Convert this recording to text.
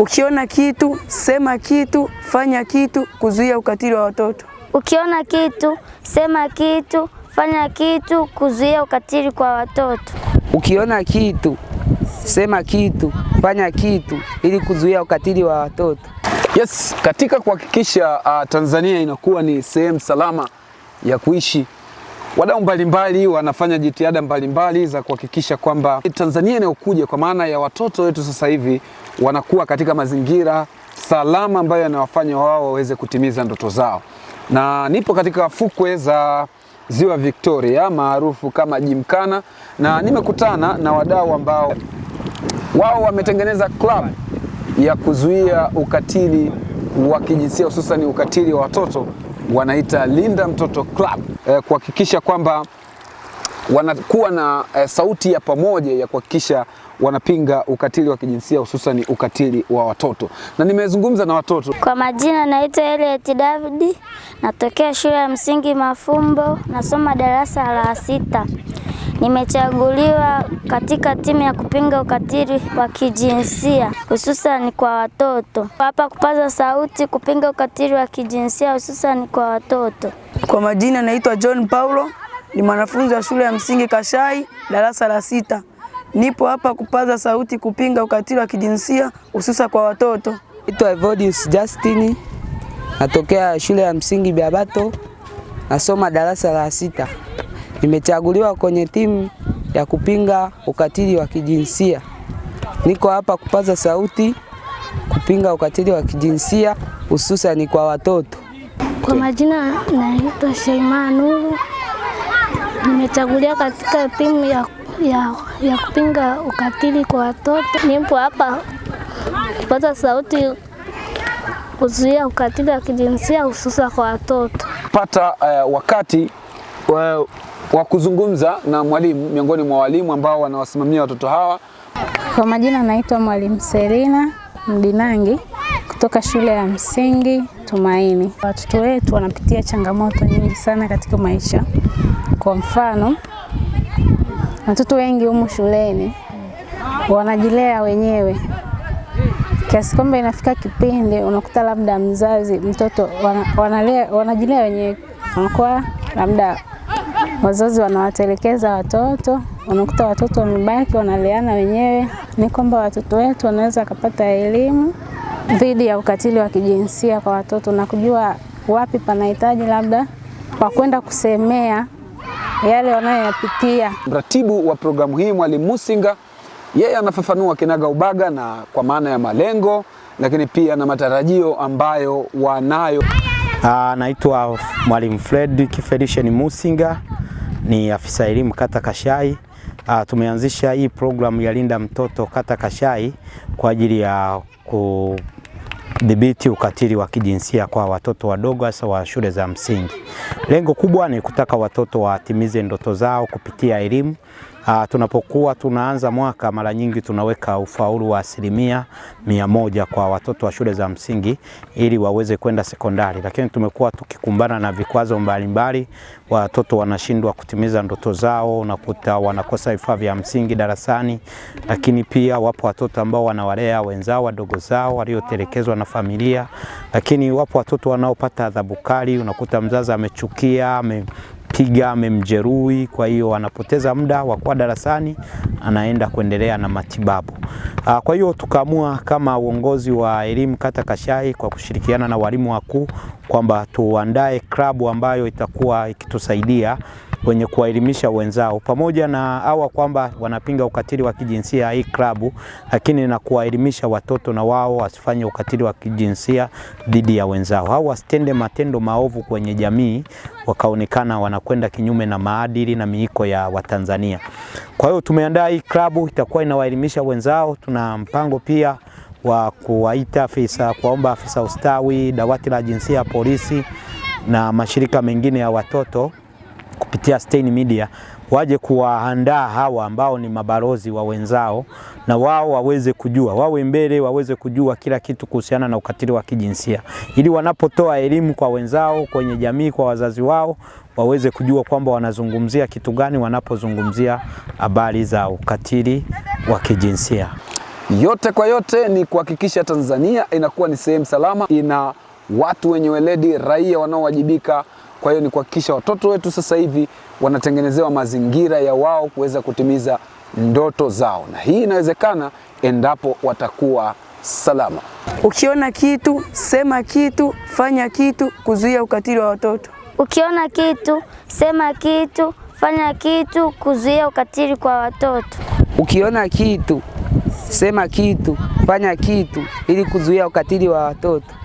Ukiona kitu, sema kitu, fanya kitu kuzuia ukatili wa watoto. Ukiona kitu, sema kitu, fanya kitu kuzuia ukatili kwa watoto. Ukiona kitu, sema kitu, fanya kitu ili kuzuia ukatili wa watoto. Yes, katika kuhakikisha uh, Tanzania inakuwa ni sehemu salama ya kuishi Wadau mbalimbali wanafanya jitihada mbalimbali za kuhakikisha kwamba Tanzania inayokuja kwa maana ya watoto wetu sasa hivi wanakuwa katika mazingira salama ambayo yanawafanya wao waweze kutimiza ndoto zao, na nipo katika fukwe za Ziwa Victoria maarufu kama jimkana na nimekutana na wadau ambao wao wametengeneza club ya kuzuia ukatili wa kijinsia hususan ukatili wa watoto, wanaita Linda Mtoto Club eh, kuhakikisha kwamba wanakuwa na eh, sauti ya pamoja ya kuhakikisha wanapinga ukatili wa kijinsia hususani ukatili wa watoto, na nimezungumza na watoto. Kwa majina, naitwa Elliot David, natokea shule ya msingi Mafumbo, nasoma darasa la sita. Nimechaguliwa katika timu ya kupinga ukatili wa kijinsia hususani kwa watoto, hapa kupaza sauti kupinga ukatili wa kijinsia hususani kwa watoto. Kwa majina naitwa John Paulo, ni mwanafunzi wa shule ya msingi Kashai darasa la sita. Nipo hapa kupaza sauti kupinga ukatili wa kijinsia hususa kwa watoto. Naitwa Evodius Justin, natokea shule ya msingi Biabato, nasoma darasa la sita. Nimechaguliwa kwenye timu ya kupinga ukatili wa kijinsia. Niko hapa kupaza sauti kupinga ukatili wa kijinsia hususani kwa watoto. Kwa majina naitwa Sheima Nuru, nimechagulia katika timu ya, ya, ya kupinga ukatili kwa watoto. Nipo hapa kupata sauti kuzuia ukatili wa kijinsia hususa kwa watoto. Pata uh, wakati uh, wa kuzungumza na mwalimu miongoni mwa walimu ambao wanawasimamia watoto hawa. Kwa majina naitwa mwalimu Selina Mdinangi kutoka shule ya msingi Tumaini. Watoto wetu wanapitia changamoto nyingi sana katika maisha. Kwa mfano, watoto wengi humu shuleni wanajilea wenyewe kiasi kwamba inafika kipindi unakuta labda mzazi mtoto wanalea, wanajilea wenyewe, wanakuwa labda wazazi wanawatelekeza watoto, unakuta watoto wamebaki wanaleana wenyewe. Ni kwamba watoto wetu wanaweza wakapata elimu dhidi ya ukatili wa kijinsia kwa watoto na kujua wapi panahitaji labda kwa kwenda kusemea yale wanayoyapitia. Mratibu wa programu hii Mwalimu Musinga yeye anafafanua kinaga ubaga na kwa maana ya malengo, lakini pia na matarajio ambayo wanayo. Anaitwa ah, Mwalimu Fred ni Musinga, ni afisa elimu kata Kashai. Aa, ah, tumeanzisha hii programu ya Linda Mtoto kata Kashai kwa ajili ya ku kudhibiti ukatili wa kijinsia kwa watoto wadogo hasa wa shule za msingi. Lengo kubwa ni kutaka watoto watimize ndoto zao kupitia elimu Uh, tunapokuwa tunaanza mwaka mara nyingi tunaweka ufaulu wa asilimia mia moja kwa watoto wa shule za msingi ili waweze kwenda sekondari, lakini tumekuwa tukikumbana na vikwazo mbalimbali. Watoto wanashindwa kutimiza ndoto zao, unakuta wanakosa vifaa vya msingi darasani, lakini pia wapo watoto ambao wanawalea wenzao wadogo zao waliotelekezwa na familia, lakini wapo watoto wanaopata adhabu kali, unakuta mzazi amechukia ame amempiga, amemjeruhi, kwa hiyo anapoteza muda wa kuwa darasani, anaenda kuendelea na matibabu. Ah, kwa hiyo tukaamua kama uongozi wa elimu kata Kashai kwa kushirikiana na walimu wakuu kwamba tuandae klabu ambayo itakuwa ikitusaidia wenye kuwaelimisha wenzao, pamoja na hawa kwamba wanapinga ukatili wa kijinsia hii klabu, lakini na kuwaelimisha watoto na wao wasifanye ukatili wa kijinsia dhidi ya wenzao, hao wasitende matendo maovu kwenye jamii wakaonekana wanakwenda kinyume na maadili na miiko ya Watanzania. Kwa hiyo tumeandaa hii klabu itakuwa inawaelimisha wenzao. Tuna mpango pia wa kuwaita afisa kuwaomba afisa ustawi, dawati la jinsia ya polisi na mashirika mengine ya watoto kupitia Stein Media waje kuwaandaa hawa ambao ni mabalozi wa wenzao, na wao waweze kujua, wawe mbele, waweze kujua kila kitu kuhusiana na ukatili wa kijinsia, ili wanapotoa elimu kwa wenzao, kwenye jamii, kwa wazazi wao, waweze kujua kwamba wanazungumzia kitu gani wanapozungumzia habari za ukatili wa kijinsia. Yote kwa yote ni kuhakikisha Tanzania inakuwa ni sehemu salama, ina watu wenye weledi, raia wanaowajibika kwa hiyo ni kuhakikisha watoto wetu sasa hivi wanatengenezewa mazingira ya wao kuweza kutimiza ndoto zao, na hii inawezekana endapo watakuwa salama. Ukiona kitu, sema kitu, fanya kitu kuzuia ukatili wa watoto. Ukiona kitu, sema kitu, fanya kitu kuzuia ukatili kwa watoto. Ukiona kitu, sema kitu, fanya kitu ili kuzuia ukatili wa watoto.